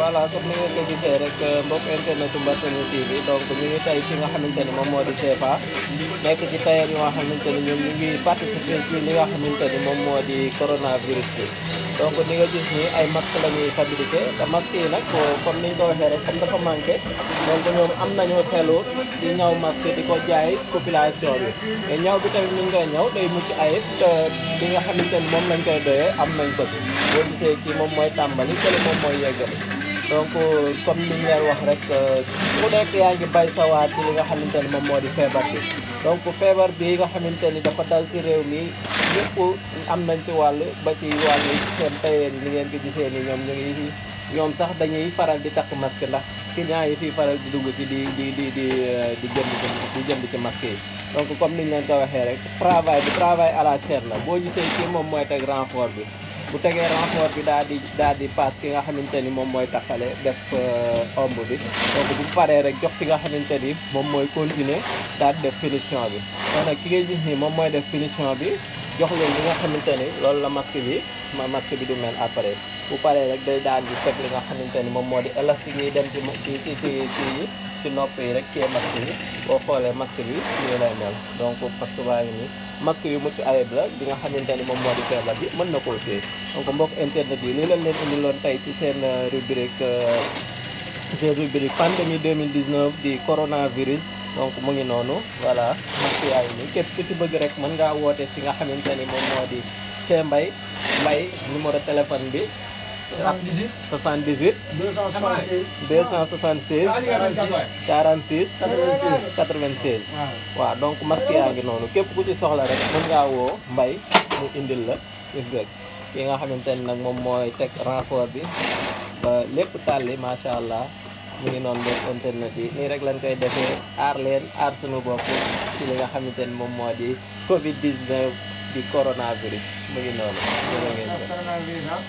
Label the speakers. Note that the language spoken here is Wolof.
Speaker 1: voilà comme ni ngeen ko gisee rek mbokk eh, internetu Mbartalmi TV donc ñu ngi tey fi nga xamante ni moom moo di CFA nekk ci tailleur yi nga xamante ni ñoom ñu ngi participer nga xamante ni moom moo di coronavirus bi donc ni nga ay masque la ñuy te masque yi nag comme niñ ko waxee rek comme dafa manqué donc ñoom am nañu xelu di ñaw masque di ko jaay population bi te ñaw bi tamit ñu ngi day mucc ayib te nga xamante ni moom lañ koy doyee am nañ ko ci boo gisee kii moom mooy tàmbali kële moom mooy yeggali donc comme li ñu leen wax rek ku nekk yaa ngi bay sawaat ci li nga xamante ni moom moo di feebar bi donc feebar bi nga xamante ni dafa dal ci réew mi ñëpp am nañ ci wàll ba ci wàll seen tayeen yi ngeen ko gisee ni ñoom ñu ngi ñoom sax dañuy faral di takk masque ndax client yi fii faral di dugg ci di di di di eh, di jënd ci di jënd ci masque yi donc comme ni ñu leen ko waxee rek travail bi travail à la chaîne la boo gisee kii moom mooy teg renfort bi bu tegee renfort bi daal di daal di paas ki nga xamante ni moom mooy taxale def uh, omb bi donc bu paree rek jox ki nga xamante ni moom mooy continuer daal def finition bi kon nag ki ngay gis ni moom mooy def finition bi jox leen li nga xamante ni loolu la masque bi ma masque bi du mel après bu paree rek day daal di teg li nga xamante ni moom moo di élastique yi dem ci ci ci ci ci ci nopp yi rek cee masque bi boo xoolee masque bi nii lay mel donc parce que baa ni masque yu mucc ayib la bi nga xamante ni moom moo di feebar bi mën na koo téye donc mbokk internet yi ni lañ leen indi indiloon tey ci seen euh, rubrique euh, seen rubrique pandémie 2019 di coronavirus donc mu ngi noonu voilà maquillage yi képp ku ci bëgg rek mën ngaa woote si nga xamante ni moom moo di Chez Mbaye Mbaye numéro téléphone bi. 78 78. 276. 276. 46 46. 86 96. waaw donc masque yaa ngi noonu képp ku ci soxla rek mën ngaa woo Mbaye mu indil la gis nga ki xamante ni nag moom mooy teg renfort bi ba lépp tàlli macha allah. mu ngi noonu mbokk internet yi nii rek lan koy defee aar leen aar sunu bopp ci li nga xamante ni moom moo di Covid 19 di coronavirus mu ngi noonu.